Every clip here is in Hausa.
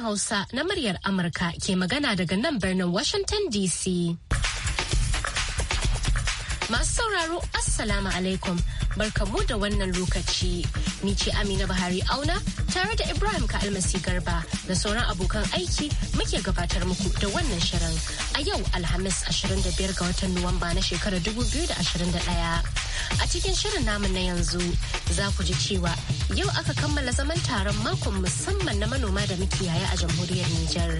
Hausa na muryar Amurka ke magana daga nan birnin Washington DC. Masu sauraro, Assalamu alaikum. barkamu da wannan lokaci. Ni ce Amina Buhari Auna tare da Ibrahim ka almasi Garba da sauran abokan aiki muke gabatar muku da wannan shirin a yau Alhamis 25 ga watan Nuwamba na shekarar 2021. A cikin shirin namu na yanzu za ku ji cewa yau aka kammala zaman taron makon musamman na manoma da makiyaya a jamhuriyar Nijar.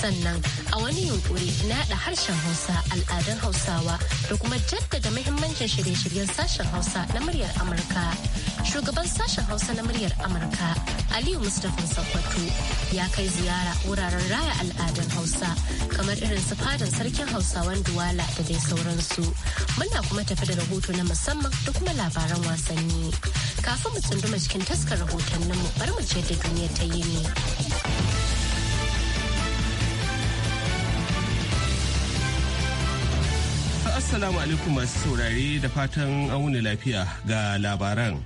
sannan a wani yunkuri na da harshen hausa al'adun hausawa da kuma jaddada muhimmancin shirye-shiryen sashen hausa na murya muryar Amurka. Shugaban sashen Hausa na muryar Amurka, Aliyu Mustapha Sokoto, ya kai ziyara wuraren raya al'adun Hausa, kamar irin su fadan sarkin Hausawan Duwala da dai sauransu. Muna kuma tafi da rahoto na musamman da kuma labaran wasanni. Kafin mu tsunduma cikin taskar rahotanninmu, bari mu ce da duniya ta yi ne. Assalamu alaikum masu saurare da fatan auni lafiya ga labaran.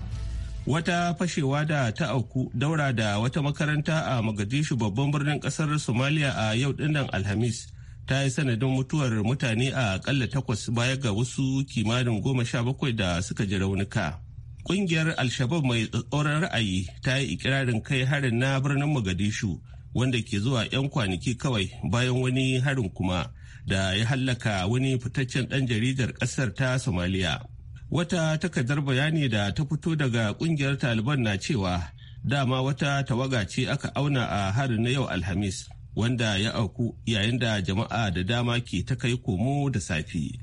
Wata fashewa da ta auku daura da wata makaranta a Mogadishu babban birnin kasar Somalia a yau dinnan Alhamis ta yi sanadin mutuwar mutane a kalla takwas baya ga wasu kimanin goma sha bakwai da suka ji raunuka. Kungiyar Alshabab mai tsoron ra'ayi ta yi ikirarin kai harin na birnin Mogadishu wanda ke zuwa 'yan kwanaki kawai bayan wani harin kuma. da ya hallaka wani fitaccen ɗan jaridar ƙasar ta somaliya wata takardar bayani da ta fito daga ƙungiyar taliban na cewa dama wata tawaga ce aka auna a harin na yau alhamis wanda ya auku yayin da jama'a da dama ke ta kai komo da safi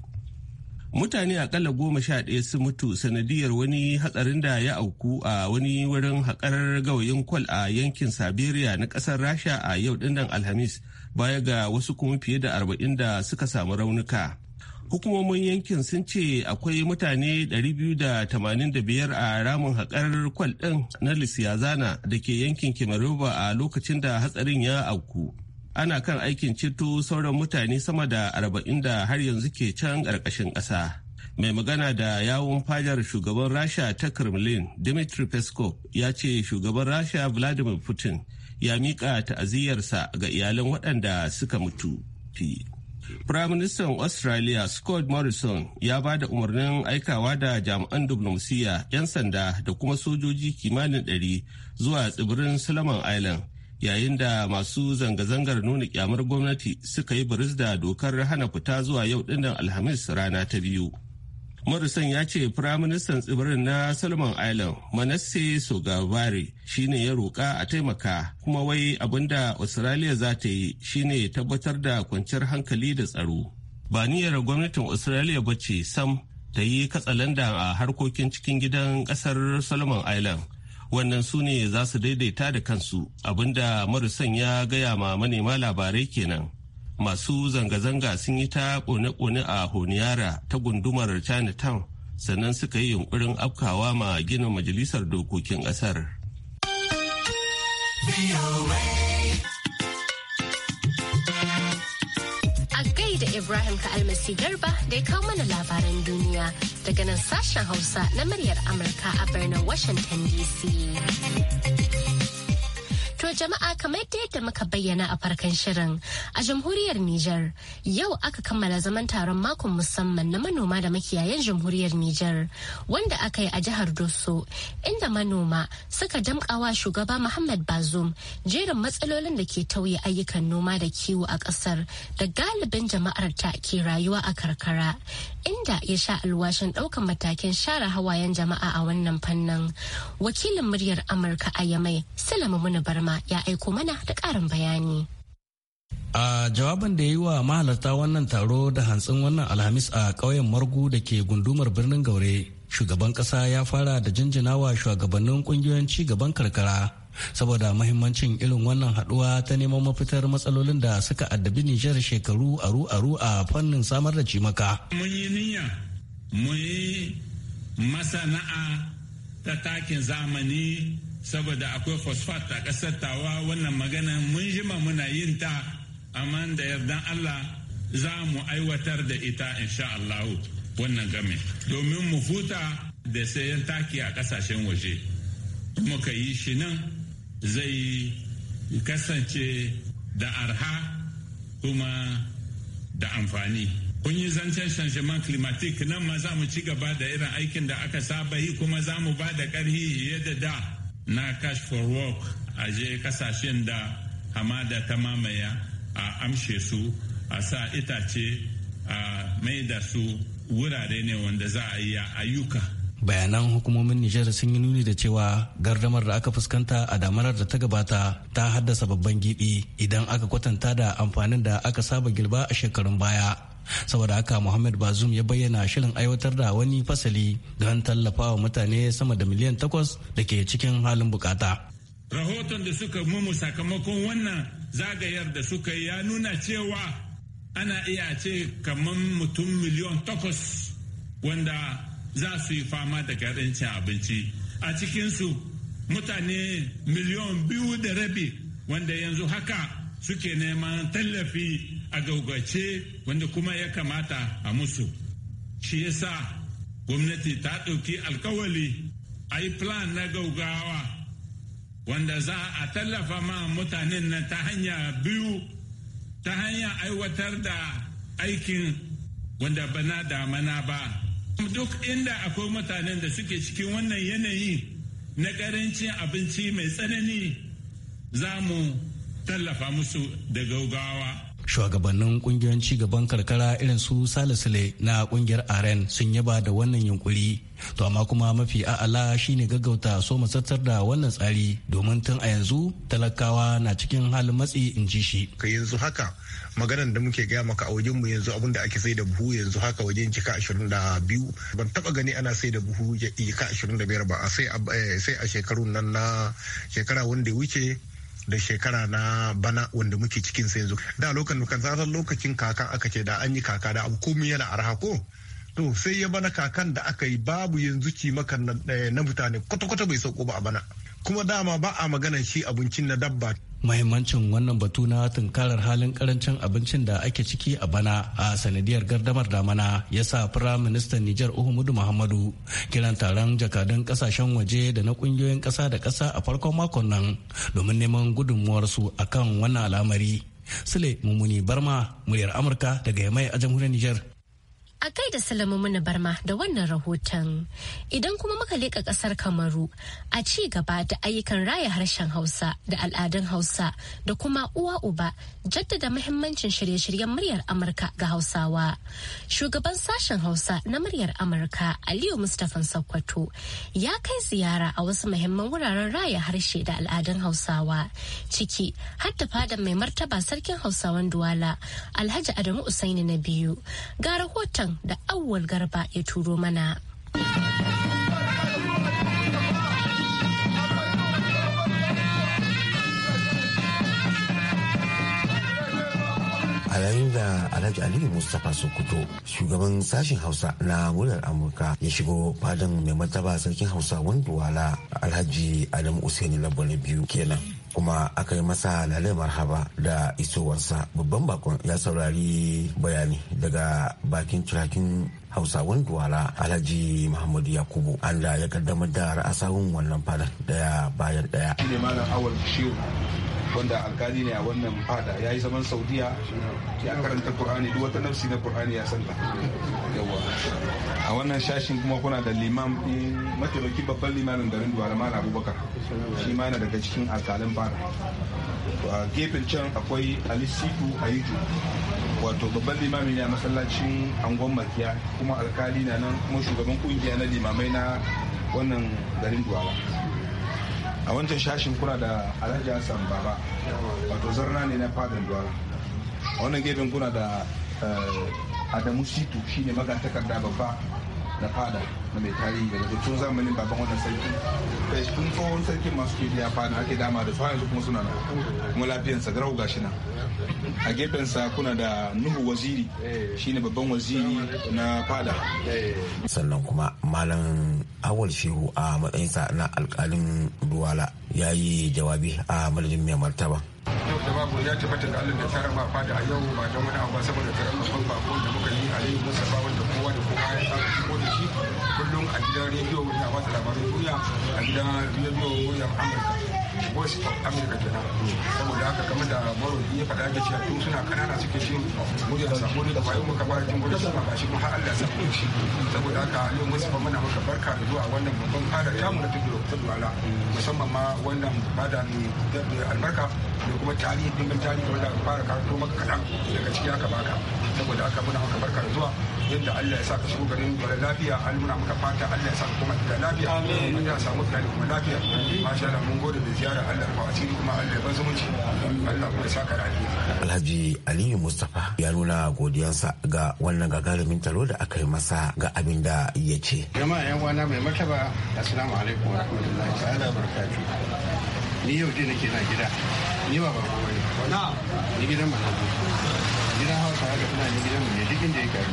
mutane akalla goma sha ɗaya sun mutu sanadiyar wani hatsarin da ya auku a wani wurin haƙar gawayin kwal a yankin siberia na ƙasar rasha a yau ɗinnan alhamis baya ga wasu kuma fiye da arba'in da suka samu raunuka hukumomin yankin sun ce akwai mutane 285 a ramin haƙar kwal ɗin na lisiyazana da ke yankin kimaruba a lokacin da hatsarin ya auku ana kan aikin ceto sauran mutane sama da arba'in da har yanzu ke can ƙarƙashin ƙasa mai magana da yawun fadar shugaban rasha ta kremlin dmitry peskov ya ce shugaban rasha vladimir putin ya miƙa ta'aziyyarsa ga iyalan waɗanda suka mutu. Firaministan Australia Scott Morrison ya ba da umarnin aikawa da jami'an diplomasiya 'yan sanda da kuma sojoji kimanin ɗari zuwa tsibirin Solomon Island yayin da masu zanga-zangar nuna kyamar gwamnati suka yi biris da dokar hana fita zuwa yau ɗinnan Alhamis rana ta biyu. Morrison ya ce Firaministan tsibirin na Solomon Island Manasse Sogavare shine ya roƙa a taimaka kuma wai abinda Australia za ta yi shine tabbatar da kwanciyar hankali da tsaro. Ba niyyar gwamnatin Australia ba ce sam ta yi katsalanda a harkokin cikin gidan ƙasar Solomon Island. Wannan su ne za su daidaita da kansu abinda Morrison ya gaya ma manema labarai kenan. masu zanga-zanga sun yi ta kone-kone a honiyara ta gundumar chinatown sannan suka yi yunkurin afkawa ma gina majalisar dokokin ƙasar. Ibrahim Ka'almasi Garba da ya kawo mana labaran duniya daga nan sashen Hausa na muryar Amurka a birnin Washington DC. jama'a kamar da yadda muka bayyana a farkon shirin a jamhuriyar Nijar yau aka kammala zaman taron makon musamman na manoma da makiyayan jamhuriyar Nijar wanda aka yi a jihar Doso inda manoma suka damƙawa shugaba Muhammad Bazoum jerin matsalolin da ke tauye ayyukan noma da kiwo a ƙasar da galibin jama'ar ta ke rayuwa a karkara inda ya sha alwashin ɗaukan matakin share hawayen jama'a a wannan fannin. Wakilin muryar Amurka a Yamai, salama muna Barma ya aiko mana da ƙarin bayani. a jawabin da ya yi wa mahalarta wannan taro da hantsin wannan alhamis a ƙauyen margu da ke gundumar birnin gaure shugaban ƙasa ya fara da jinjinawa shugabannin ƙungiyoyin ci gaban karkara saboda mahimmancin irin wannan haduwa ta neman mafitar matsalolin da suka addabi Nijar shekaru aru-aru a fannin samar da cimaka. Mun yi niyya, mun yi masana'a ta takin zamani saboda akwai phosphate a kasar tawa wannan magana mun ma muna yin ta amma da yardan Allah za mu aiwatar da ita insha Allah wannan game domin mu huta da sayan taki a ƙasashen waje muka yi shi nan zai kasance da arha kuma da amfani kun yi zancen changement climatic nan ma za mu ci gaba da irin aikin da aka saba yi kuma za mu ba da ƙarfi yadda da na cash for work a je kasashen da hamada ta mamaya a amshe su a sa itace a mai da su wurare ne wanda za a yi ayyuka bayanan hukumomin nijar sun yi nuni da cewa gardamar da aka fuskanta a damarar da ta gabata ta haddasa babban gibi idan aka kwatanta da amfanin da aka saba gilba a shekarun baya saboda haka muhammad bazum ya bayyana shirin aiwatar da wani fasali don tallafawa mutane sama da miliyan takwas da ke cikin halin bukata rahoton da suka mumu sakamakon wannan zagayar da suka ya nuna cewa ana iya ce kamar mutum miliyan takwas wanda za su yi fama da karancin abinci a cikinsu mutane miliyon biyu da rabi wanda yanzu haka suke neman tallafi a gaugace wanda kuma ya kamata a musu shi yasa gwamnati ta ɗauki alkawali a yi plan na gaugawa wanda za a tallafa ma mutanen nan ta hanya biyu ta hanya aiwatar da aikin wanda bana damana ba duk inda akwai mutanen da suke cikin wannan yanayi na karancin abinci mai tsanani za mu tallafa musu da gaugawa shugabannin kungiyoyin gaban karkara irin su salisile na kungiyar aren sun yaba da wannan yunkuri to amma kuma mafi a'ala shine gaggauta so matsattar da wannan tsari domin tun a yanzu talakawa na cikin halin matsi in ji shi ka yanzu haka maganar da muke gaya maka a wajen mu yanzu abinda ake sai da buhu yanzu haka wajen jika 22 ban taba gani ana sai da buhu jika 25 ba eh, sai a shekarun nan na shekara wanda ya wuce da shekara na bana wanda muke cikin sa yanzu da lokacin kan zaran lokacin kaka aka ce da an yi kaka da abu komai yana arha ko to sai ya bana kakan da aka yi babu yanzu ci maka eh, na mutane kwata-kwata bai sauko ba a bana kuma dama ba a maganan shi abincin na dabba mahimmancin wannan batu na tunkarar halin karancin abincin da ake ciki a bana a sanadiyar gardamar damana ya sa firaministan nijar uhumudu muhammadu kiran taron jakadun kasashen waje da na kungiyoyin kasa da kasa a farkon makon nan domin neman gudunmuwarsu akan wannan al'amari sule mummuni barma muryar amurka daga yamai a jamhuriyar nijar A kai da Salamu Barma da wannan rahoton. Idan kuma muka leƙa ƙasar Kamaru a ci gaba da ayyukan raya harshen Hausa da al'adun Hausa da kuma uwa uba jaddada muhimmancin shirye-shiryen muryar Amurka ga Hausawa. Shugaban sashen Hausa na muryar Amurka Aliyu Mustapha Sokoto ya kai ziyara a wasu muhimman wuraren raya harshe da al'adun Hausawa ciki har da fadan mai martaba sarkin Hausawan Duwala Alhaji Adamu Usaini na biyu. Ga rahoton da awwal garba ya turo mana. a yayin da alhaji aliyu mustapha sokoto shugaban sashen hausa na muryar amurka ya shigo fadan mai martaba sarkin hausa wani duwala alhaji adamu usaini labo biyu kenan kuma aka yi masa lalai marhaba da isowarsa babban bakon ya saurari bayani daga bakin turakin hausawan duwala alhaji muhammadu yakubu anda ya kaddamar da ra'asawun wannan fadar daya bayan daya. wanda alkali ne a wannan fada ya yi zaman saudiya ya karanta qur'ani duk wata nafsi na qur'ani ya santa yawa a wannan shashin kuma kuna da limam mataimakin babban limamin garin duwala mana abubakar shi ma daga cikin alkalin fada a gefen can akwai alisitu ayiju wato babban limami ya a masallacin angon makiya kuma alkali na nan kuma shugaban kungiya na limamai na wannan garin duwala a wancan shashin kuna da alhaji hassan baba wato zarna ne na fadin duwa a wannan gefen kuna da eh, adamu situ shine magatakarda babba na fada na mai tarihi daga tun zamanin baban wannan sarki kai kun tsohon sarkin masu ke biya fada ake dama da su yanzu kuma suna nan kuma lafiyansa garau gashi nan a gefensa kuna da nuhu waziri shine babban waziri na fada sannan kuma malam awal shehu a matsayinsa na alkalin duwala ya yi jawabi a madadin mai martaba yau da babu ya tabbatar da allah da karama fada a yau ba don wani abu saboda karamar ba ko da muka yi a musa ba wanda ko da shi kullum a gidan rediyo na ba ta labarin duniya a gidan rediyo ya amurka voice of america kenan saboda haka game da baro ya faɗa yake cewa tun suna kanana suke jin muryar sa ko da bayan muka fara jin muryar sa ba shi kuma har Allah sa ku shi saboda haka yau musu fa muna maka barka da zuwa wannan babban fada tamu na tudu tudu musamman ma wannan fada ne da albarka da kuma tarihi dimbin tarihi wanda fara karanto maka kaɗan daga ciki aka baka saboda haka muna maka barka da zuwa yadda Allah ya sa ka shigo garin gwada lafiya an muna maka fata Allah ya sa ka koma lafiya amin ya samu tsari kuma lafiya masha Allah mun gode da ziyara Allah ba asiri kuma Allah ya bar zumunci Allah kuma ya sa ka rafi Alhaji Aliyu Mustafa ya nuna godiyansa ga wannan gagarumin taro da aka yi masa ga abin da ya ce jama'a yan uwana mai martaba assalamu alaikum wa rahmatullahi ta'ala barakatuh ni yau dai nake na gida ni ba ba ni gidan ba gidan hausa haka fulani gidan mu ne da ya yake a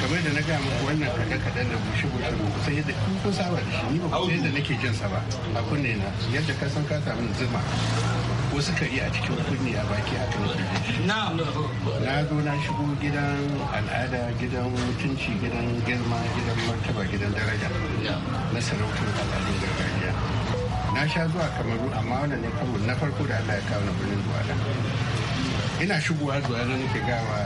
kamar da na gaya muku wannan kaɗe-kaɗen da bushe-bushe ba kusan yadda kun saba da shi ni ba kusan yadda nake jin sa ba a kunne na yadda ka san ka samu zuma wasu kari a cikin kunne a baki haka ne na zo na shigo gidan al'ada gidan mutunci gidan girma gidan martaba gidan daraja na sarautar al'adun gargajiya na sha zuwa kamaru amma wannan ne kamaru na farko da allah ya kawo na birnin zuwa ina shigowa zuwa na nake gawa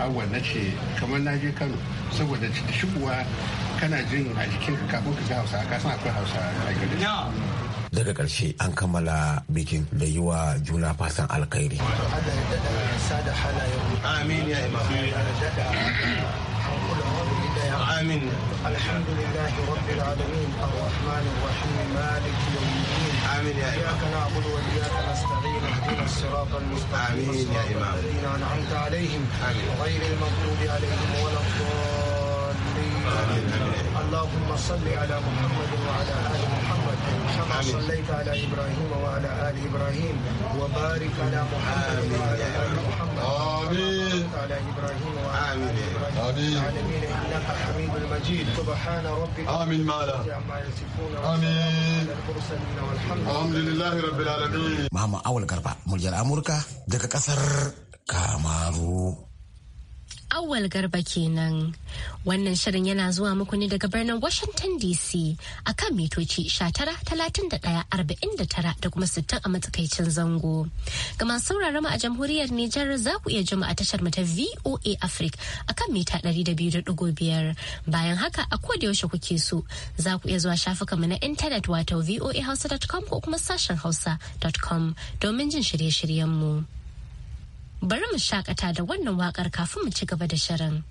awwal na ce kamar na je kano saboda shigowa kana jin a jikinka kafin ka ga hausa ka san akwai hausa a gari daga ƙarshe an kammala bikin da yi wa juna fatan alkhairi. Amin ya آمين الحمد لله رب العالمين الرحمن الرحيم مالك يوم الدين آمين يا إمام إياك نعبد وإياك نستعين اهدنا الصراط المستقيم آمين يا إمام الذين أنعمت عليهم آمين غير المغضوب عليهم ولا الضالين آمين آمين اللهم صل على محمد وعلى آل محمد كما صليت على إبراهيم وعلى آل إبراهيم وبارك على محمد وعلى آل محمد آمين آمين إنك حميد مجيد سبحان ربك آمين مالا آمين الحمد لله رب العالمين ماما Awal Garba, Muryar Amurka daga كسر كامارو Awal Garba kenan. Wannan shirin yana zuwa muku ne daga birnin Washington DC a kan mitoci 19,31,49 da kuma 60 a matsakaicin zango. Gama masu a jamhuriyar Nijar za ku iya jima a tashar mata VOA Africa a kan mita 200.5. Bayan haka a koda yaushe kuke so za ku iya zuwa shafukan mu na intanet wato voahausa.com ko kuma sashen hausa.com domin jin shirye-shiryenmu. Bari mu shakata da wannan wakar kafin mu ci gaba da shirin.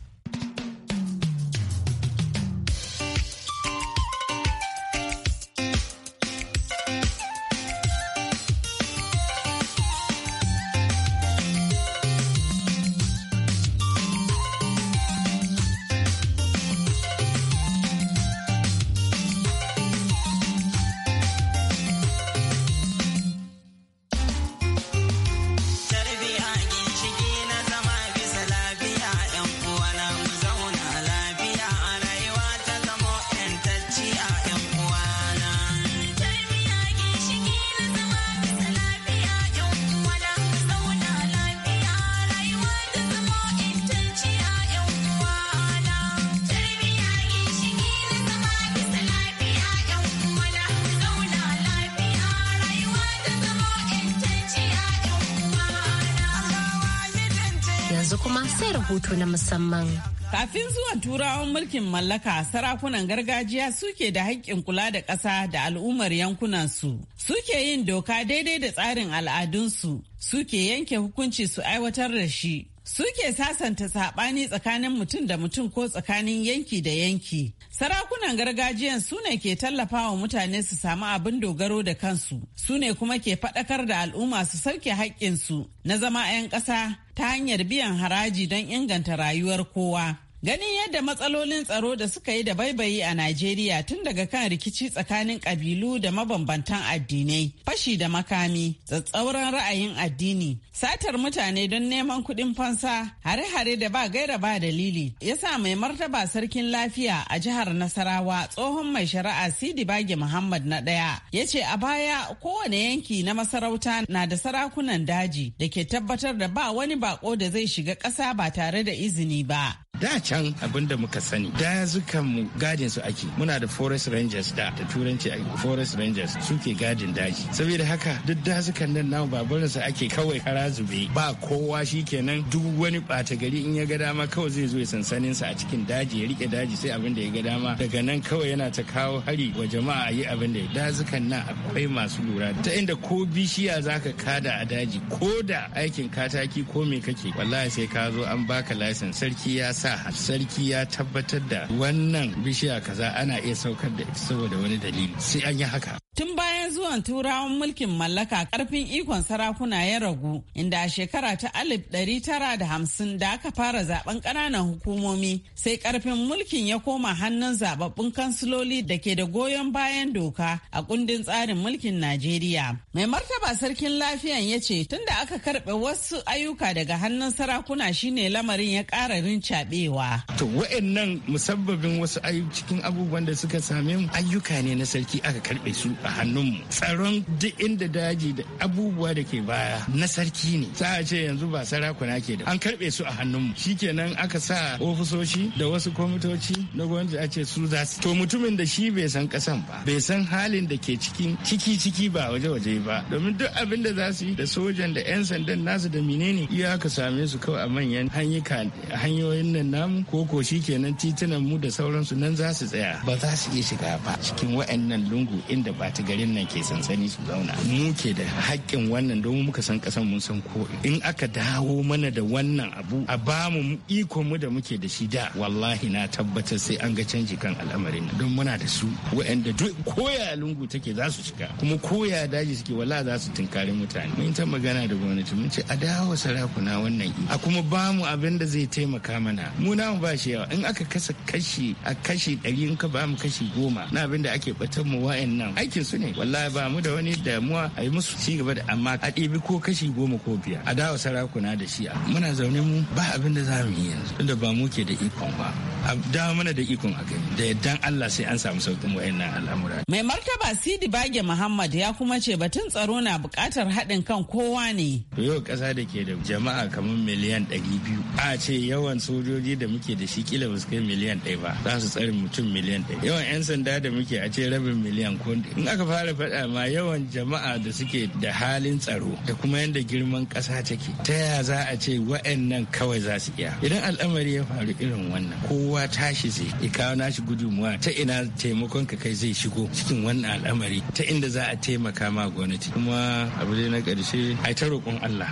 sai rahoto na musamman. Kafin zuwan turawan mulkin mallaka sarakunan gargajiya suke da haƙƙin kula da ƙasa da al'ummar yankunansu. Suke yin doka daidai da tsarin al'adunsu, suke yanke hukunci su aiwatar da shi. Suke sasanta saɓani tsakanin mutum da mutum ko tsakanin yanki da yanki. Sarakunan gargajiyan su ne ke wa mutane su samu abin dogaro da kansu, su ne kuma ke faɗakar da al'umma su sauke haƙƙinsu na zama 'yan ƙasa ta hanyar biyan haraji don inganta rayuwar kowa. Ganin yadda matsalolin tsaro da suka yi da baibayi a Najeriya tun daga kan rikici tsakanin ƙabilu da mabambantan addinai, fashi da makami, tsatsauran ra'ayin addini, satar mutane don neman kuɗin fansa, hare-hare da ba gaira ba dalili, ya sa mai martaba sarkin lafiya a jihar Nasarawa tsohon mai shari'a Sidi Bage Muhammad na ɗaya, ya ce a baya kowane yanki na masarauta na da sarakunan daji da ke tabbatar da ba wani bako da zai shiga ƙasa ba tare da izini ba. da can abinda muka sani dazukan mu gadin su ake muna da forest rangers da da turanci a forest rangers suke gadin daji saboda haka duk dazukan nan namu babarin su ake kawai kara zube ba kowa shi shikenan duk wani bata gari in ya ga dama kawai zai zo ya sansanin sa a cikin daji ya rike daji sai abin da ya ga dama daga nan kawai yana ta kawo hari wa jama'a yi abin da dazukan nan akwai masu lura ta inda ko bishiya zaka kada a daji ko da aikin kataki ko me kake wallahi sai ka zo an baka lasin sarki ya sa sa sarki ya tabbatar da wannan bishiya kaza ana iya saukar da ita saboda wani dalili sai an yi haka Tun bayan zuwan turawan mulkin mallaka karfin ikon sarakuna ya ragu inda a shekara ta alif ɗari tara da hamsin da aka fara zaben ƙananan hukumomi sai karfin mulkin ya koma hannun zababbun kansiloli da ke da goyon bayan doka a kundin tsarin mulkin Najeriya. Mai martaba sarkin lafiyan ya ce tunda aka karɓe wasu ayyuka daga hannun sarakuna shine lamarin ya ƙara rincaɓe karewa. To wa'annan musabbabin wasu cikin abubuwan da suka same mu ayyuka ne na sarki aka karbe su a hannunmu. Tsaron duk inda daji da abubuwa da ke baya na sarki ne. Sa a ce yanzu ba sarakuna ke da an karbe su a hannun hannunmu. Shikenan aka sa ofisoshi da wasu kwamitoci na gwamnati a ce su za su. To mutumin da shi bai san kasan ba bai san halin da ke cikin ciki ciki ba waje waje ba domin duk abin da za su yi da sojan da 'yan sandan nasu da menene iya ka same su kawai a manyan hanyoyin nan Nan koko shi kenan titunan mu da sauransu nan za su tsaya ba za su iya shiga ba cikin wa'annan lungu inda ba ta garin nan ke sansani su zauna mu ke da haƙƙin wannan domin muka san ƙasan mun san ko in aka dawo mana da wannan abu a ba mu iko mu da muke da shi da wallahi na tabbatar sai an ga canji kan al'amarin don muna da su wa'anda duk koya lungu take za su shiga kuma koya daji suke wala za su tunkari mutane mun ta magana da gwamnati mun ce a dawo sarakuna wannan a kuma ba mu abin da zai taimaka mana mu namu ba shi yawa in aka kasa kashi a kashi ɗari in ka ba mu kashi goma na abin da ake batar mu wa'in nan aikin su ne wallahi ba mu da wani damuwa a yi musu ci gaba da amma a ɗebi ko kashi goma ko biyar a dawo sarakuna da shi'a muna zaune mu ba abin da za mu yi yanzu tunda ba mu ke da ikon ba a dawo mana da ikon a gani da yaddan Allah sai an samu sauƙin nan al'amura. Mai martaba Sidi Bage Muhammad ya kuma ce batun tsaro na bukatar haɗin kan kowa ne. Yau ƙasa da ke da jama'a kamar miliyan ɗari biyu a ce yawan sojoji kuɗi da muke da shi kila basu kai miliyan ɗaya ba za su tsare mutum miliyan ɗaya yawan 'yan sanda da muke a ce rabin miliyan ko in aka fara faɗa ma yawan jama'a da suke da halin tsaro da kuma yadda girman ƙasa take ta ya za a ce wa'annan kawai za su iya idan al'amari ya faru irin wannan kowa tashi zai ya kawo nashi gudunmuwa ta ina taimakon ka kai zai shigo cikin wannan al'amari ta inda za a taimaka ma gwamnati kuma abu na ƙarshe a ta roƙon Allah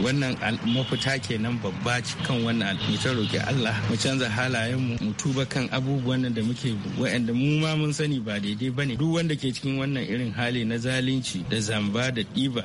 wannan mafita kenan babba kan wannan mu ta Allah mu canza halayen mu tuba kan abubuwan da muke waɗanda mu ma mun sani ba daidai ba ne. duk wanda ke cikin wannan irin hali na zalunci da zamba da ɗiba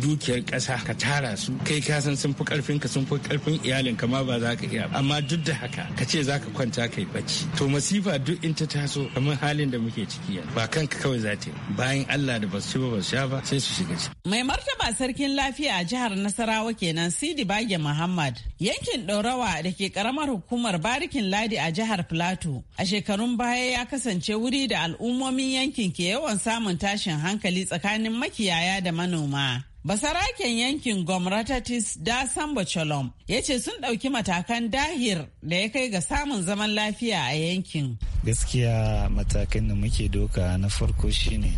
dukiyar ƙasa ka tara su kai ka san sun fi ƙarfin ka sun fi ƙarfin iyalin ka ma ba za ka iya amma duk da haka ka ce za ka kwanta kai bacci to masifa duk in ta taso kamar halin da muke ciki yanzu ba kanka kawai za ta bayan Allah da basu ci ba su sha ba sai su shiga ciki mai martaba sarkin lafiya a jihar nasara Nasarawa kenan Sidi Bage Muhammad. Yankin Ɗorawa da ke ƙaramar hukumar Barikin Ladi a jihar Plateau a shekarun baya ya kasance wuri da al'ummomin yankin ke yawan samun tashin hankali tsakanin makiyaya da manoma. Basaraken yankin Gomratatis da Samba Cholom ya ce sun ɗauki matakan dahir da ya kai ga samun zaman lafiya a yankin. Gaskiya matakan da muke doka na farko shine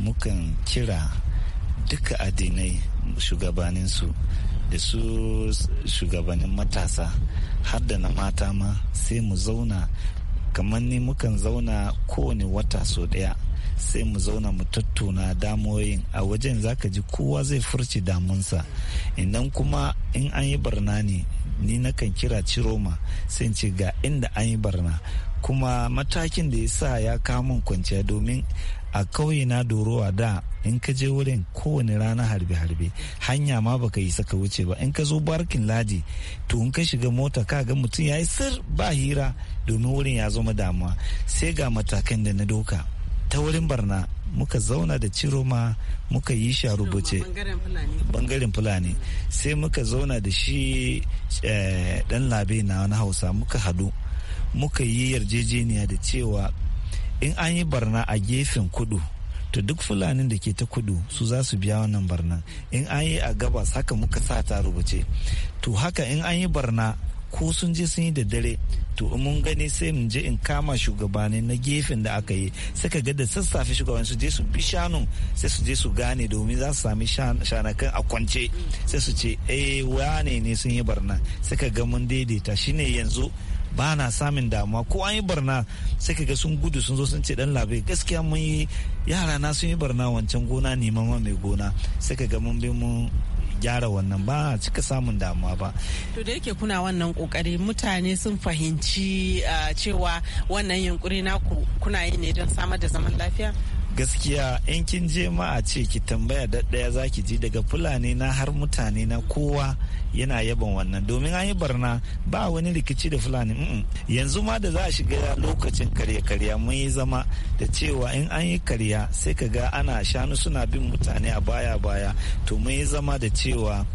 mukan kira duka addinai shugabaninsu da su shugabannin matasa har da na mata ma sai mu zauna kamar ni mukan zauna kowane wata so daya sai mu zauna mu tattuna damoyin a wajen zaka ji kowa zai furci damunsa idan kuma in an yi barna ne ni nakan kira ciroma sai ce ga inda an yi barna kuma matakin da ya sa ya kamun kwanciya domin a ƙauye na doro a da in ka je wurin kowane rana harbe-harbe hanya ma baka isa ka wuce ba in ka zo barkin ladi to in ka shiga mota ka ga mutum ya yi sir ba hira domin wurin ya zama damuwa sai ga matakan da na doka ta wurin barna muka zauna da ciroma muka yi sha rubuce bangaren fulani sai muka zauna da shi dan eh, labe na wani hausa muka hadu muka yi yarjejeniya da cewa in an yi barna a gefen kudu to duk fulanin da ke ta kudu su za su biya wannan barna in an yi a gabas haka muka sa ta rubuce to haka in an yi barna ko sun je sun yi da dare to mun gani sai mun je in kama shugabanni na gefen da aka yi sai ka ga da sassafe shugabanni su je su bi shanun sai su je su gane domin za su sami shanakan a kwance sai su ce eh wane ne sun yi barna sai ka ga mun daidaita shine yanzu ba na samun damuwa ko an yi barna sai kaga sun gudu sun zo sun ce dan labe gaskiya mun yi yara na sun yi barna wancan gona neman ma mai gona sai kaga mun bi mun gyara wannan ba cika samun damuwa ba. To da yake kuna wannan kokari mutane sun fahimci ah, cewa wannan yunkuri naku kuna yi ne don samar da zaman lafiya? gaskiya in kin je ma a ce ki tambaya daɗaya za ki ji daga fulani na har mutane na kowa yana yaban wannan domin an yi barna ba wani rikici da fulani yanzu ma da za a shiga lokacin karya-karya mun yi zama da cewa in an yi karya sai ka ga ana shanu suna bin mutane a baya-baya to mun yi zama da cewa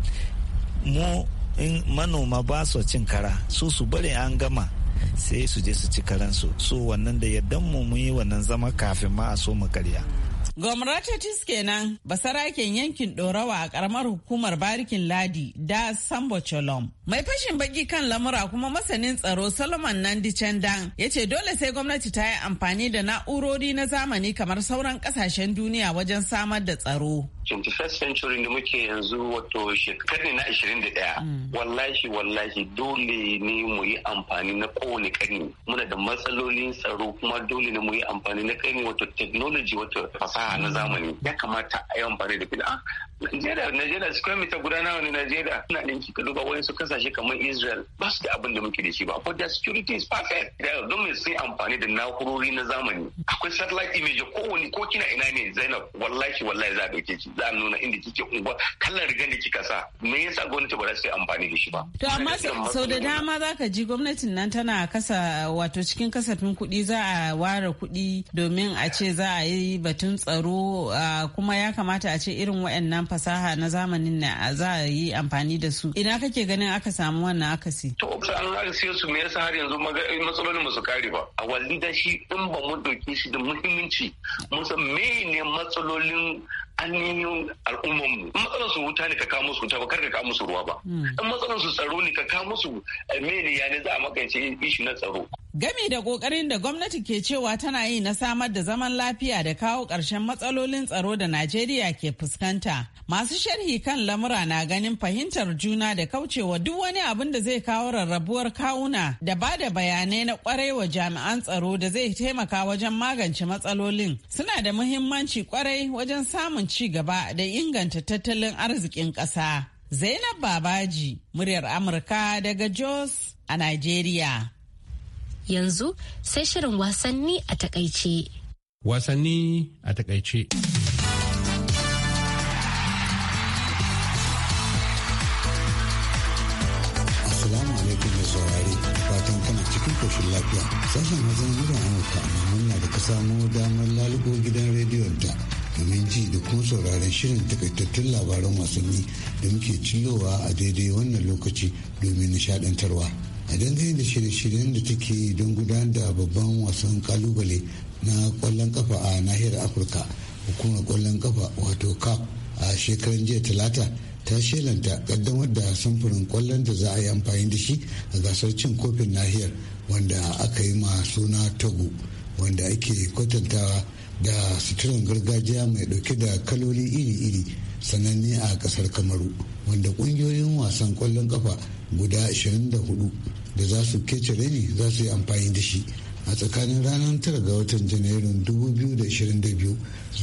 mu in manoma ba su cin kara su su bari an gama sai su je su ci karansu su wannan da yardan mu muyi yi wannan zama kafin ma a so mu karya Gwamnatocis kenan basaraken yankin Dorawa a karamar hukumar barikin Ladi da Sambo Cholom Mai fashin baki kan lamura kuma masanin tsaro Solomon Nandi Chandan ya ce dole sai gwamnati ta yi amfani da na'urori na zamani kamar sauran kasashen duniya wajen samar da tsaro. 21st century da muke yanzu wato shekarni na 21 mm. wallahi wallahi dole ne mu yi amfani na kowane kani muna da matsalolin tsaro kuma dole ne mu yi amfani na kani wato technology wato fasaha na mm. zamani ya kamata a yi amfani da fina ah, Najeriya Najeriya square meter guda nawa ne Najeriya ina ɗinki ka duba su kasashe kasashe kamar Israel ba su da abin da muke da shi ba. ko their security is perfect. Da me sun amfani da na'urori na zamani. Akwai satellite image kowane ko kina ina ne Zainab wallahi wallahi za a dauke za nuna inda kike unguwa kallon rigan da kika sa me yasa gwamnati ba za su yi amfani da shi ba. To amma sau da dama za ka ji gwamnatin nan tana kasa wato cikin kasafin kuɗi za a ware kuɗi domin a ce za a yi batun tsaro kuma ya kamata a ce irin wa'annan fasaha na zamanin na za a yi amfani da su. Ina kake ganin aka aka samu wannan akasi? To, an aka su me yasa har yanzu matsalolin ba su kare ba. A wallida da shi in ba mu doke shi da muhimmanci, san me ne matsalolin hanyoyin al'ummar mu matsalar su wuta ne ka kawo musu wuta ba kar ka kawo musu ruwa ba hmm. in matsalar su tsaro ne ka kawo musu eh, mene ya ne za a makance ishi na tsaro Gami da kokarin da gwamnati ke cewa tana yi na samar da zaman lafiya da kawo ƙarshen matsalolin tsaro da Najeriya ke fuskanta. Masu sharhi kan lamura na ganin fahimtar juna da kaucewa duk wani abin da zai kawo rarrabuwar kawuna da ba da bayanai na kwarai wa jami'an tsaro da zai taimaka wajen magance matsalolin. Suna da muhimmanci kwarai wajen samun ci gaba da inganta tattalin arzikin ƙasa. Zainab Babaji, muryar Amurka daga Jos a Najeriya. Yanzu sai shirin wasanni a takaice. Wasanni a takaice. lafiya sashen wajen wurin amurka na murna da ka samu damar lalubo gidan rediyon ta domin ji da kuma sauraron shirin takaitattun labaran wasanni da muke cillowa a daidai wannan lokaci domin nishadantarwa a dangane da shirye-shiryen da take don gudanar da babban wasan kalubale na kwallon kafa a nahiyar afirka hukumar kwallon kafa wato cap a shekaran jiya talata ta shelanta kaddamar da samfurin kwallon da za a yi amfani da shi a gasar cin kofin nahiyar wanda aka yi ma suna togo wanda ake kwatantawa da suturan gargajiya mai dauke da kaloli iri-iri sananne a kasar kamaru wanda kungiyoyin wasan kwallon kafa guda 24 da za su kece ne za su yi amfani da shi a tsakanin ranar tara ga watan janairun 2022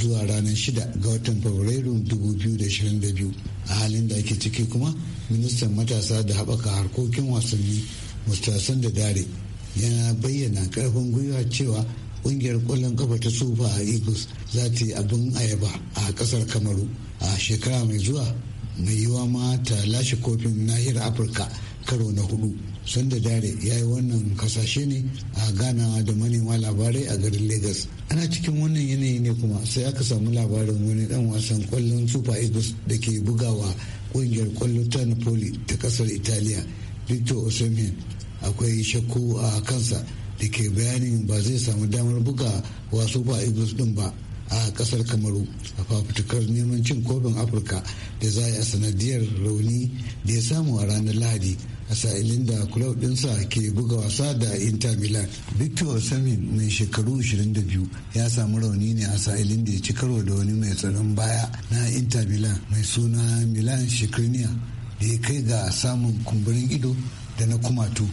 zuwa ranar 6 ga watan fabrairun 2022 a halin da ake ciki kuma ministan matasa da haɓaka harkokin wasanni mustasan da dare yana bayyana ƙarfin gwiwa cewa kungiyar kwallon kafa ta super eagles za ta yi abin ayaba a kasar kamaru a shekara mai zuwa mai yiwa ma ta lashe kofin nahiyar afirka karo na hudu sanda dare ya yi wannan kasashe ne a ganawa da manema labarai a garin lagos ana cikin wannan yanayi ne kuma sai aka samu labarin wani dan wasan kwallon super eagles da ke bugawa kungiyar kwallo ta napoli ta kasar italiya victor osimhen akwai shakku a kansa da ke bayanin ba zai samu damar buga wasu ba iblis din ba a kasar kamaru a fafutukar neman cin kofin afirka da za a sanadiyar rauni da ya samu a ranar lahadi a sa'ilin da kulob ɗinsa ke buga wasa da inter milan victor samin mai shekaru 22 ya samu rauni ne a sa'ilin da ya ci karo da wani mai tsaron baya na inter milan mai suna milan shekirniya da ya kai ga samun kumburin ido da na kumatu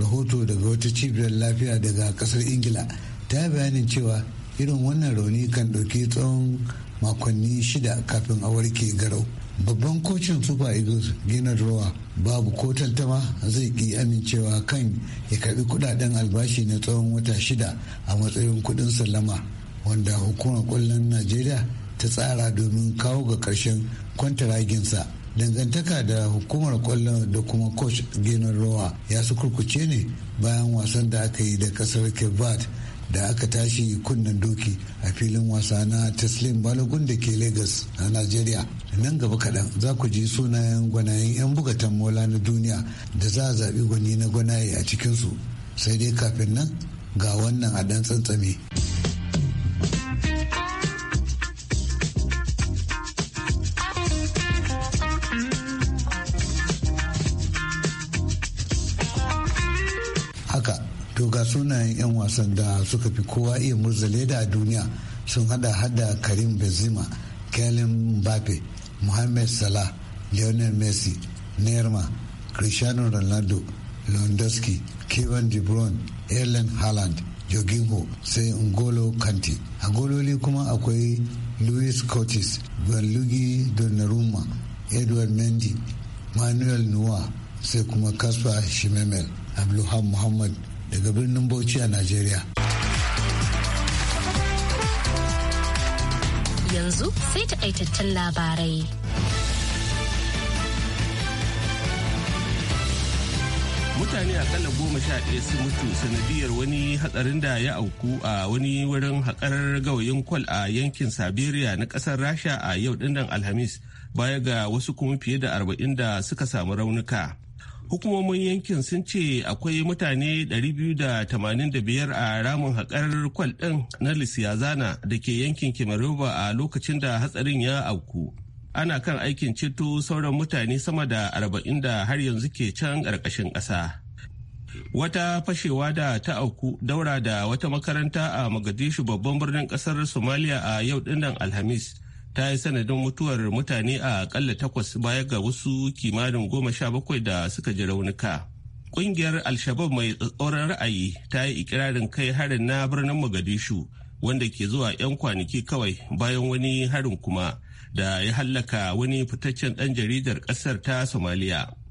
rahoto daga wata cibiyar lafiya daga kasar ingila ta yi bayanin cewa irin wannan rauni kan ɗauki tsawon makonni shida kafin a warke garau babban kocin super eagles gina rowa babu ko tantama zai ki amincewa kan ya karbi kudaden albashi na tsawon wata shida a matsayin kudin sallama wanda hukumar kwallon najeriya ta tsara domin kawo ga karshen kwantaraginsa dangantaka da hukumar kwallon da kuma coach genon rowa ya su kurkuce ne bayan wasan da aka yi da kasar kevat da aka tashi kunnen doki a filin wasa na taslim balogun da ke lagos a nigeria nan gaba kaɗan za ku ji sunayen gwanayen 'yan bugatan mola na duniya da za a zaɓi gwani na gwanaye a cikinsu sai dai kafin nan ga wannan a ɗan tsantsame. haka to ga sunayen 'yan wasan da suka fi kowa iya murzale da a duniya sun hada hada karim benzema kelin mbappe mohamed salah lionel messi neymar cristiano ronaldo lewandowski kevin de bruyne erlen haaland joginho sai ngolo Kanti. a gololi kuma akwai luis curtis balugi donnarumma edward mendy manuel noir sai kuma kasper shimemel abdulham muhammad daga birnin bauchi a najeriya yanzu sai takaitattun labarai mutane a kala goma sha ɗaya sun mutu sanadiyar wani hatsarin da ya auku a wani wurin haƙar gawayin kwal a yankin siberia na ƙasar rasha a yau ɗinnan alhamis baya ga wasu kuma fiye da arba'in da suka samu raunuka hukumomin yankin sun ce akwai mutane 285 a ramin haƙar kwal ɗin na lisiyazana da ke yankin kimaruba a lokacin da hatsarin ya auku ana kan aikin ceto sauran mutane sama da arba'in da har yanzu ke can ƙarƙashin ƙasa wata fashewa da ta auku daura da wata makaranta a magadishu babban birnin ƙasar somalia a yau dinnan alhamis ta yi sanadin mutuwar mutane a akalla takwas baya ga wasu kimanin goma sha bakwai da suka ji raunuka. Ƙungiyar Alshabab mai tsatsauran ra'ayi ta yi ikirarin kai harin na birnin Mogadishu wanda ke zuwa 'yan kwanaki kawai bayan wani harin kuma da ya hallaka wani fitaccen ɗan jaridar ƙasar ta Somalia.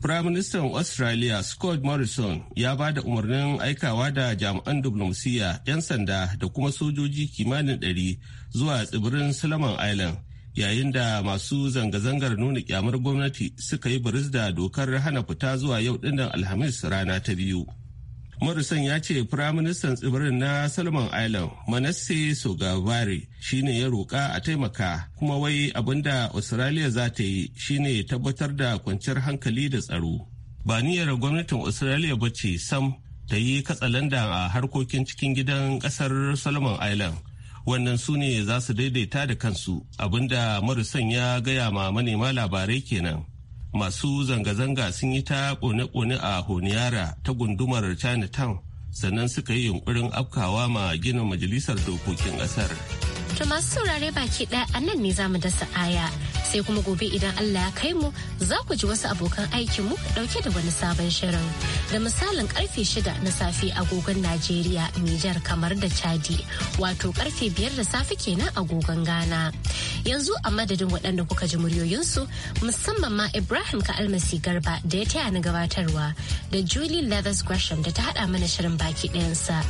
Firaministan Australia Scott Morrison ya ba da umarnin aikawa da jami'an diplomasiyya 'yan sanda da kuma sojoji kimanin ɗari zuwa tsibirin Solomon Island yayin da masu zanga-zangar nuna kyamar gwamnati suka yi biris da dokar hana fita zuwa yau dindin Alhamis rana ta biyu. Morrison ya ce Firaministan tsibirin na Salman Island Manasse Sogavare shine ya roƙa a taimaka kuma wai da Australia za ta yi shine tabbatar da kwanciyar hankali da tsaro. Ba niyyar gwamnatin Australia ba ce sam ta yi katsalandan a harkokin cikin gidan ƙasar Salman Island. Wannan su ne za su daidaita da kansu da Morrison ya gaya ma manema labarai kenan. masu zanga-zanga sun yi ta kone-kone a honiyara ta gundumar chinatown sannan suka yi yunkurin afkawa ma ginin majalisar dokokin ƙasar. to masu saurare baki ɗaya a nan ne za mu dasa aya sai kuma gobe idan Allah ya kai mu za ku ji wasu abokan mu dauke da wani sabon shirin da misalin karfe shida na safe agogon Najeriya Nijar kamar da Chadi wato karfe biyar da safe kenan agogon Ghana yanzu a madadin waɗanda kuka ji muryoyinsu musamman ma Ibrahim ka almasi garba da ya taya ni gabatarwa da Julie Leathers Gresham da ta haɗa mana shirin baki ɗayansa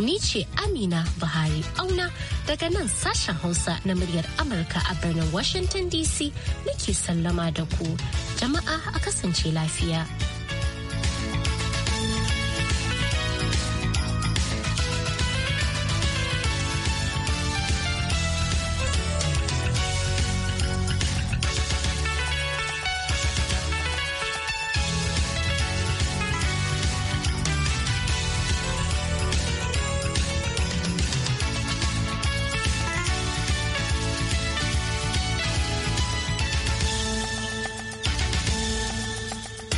ni ce Amina Buhari auna daga nan sashen Hausa na muryar Amurka a birnin Washington DC Hausi muke sallama da ku. Jama'a a kasance lafiya.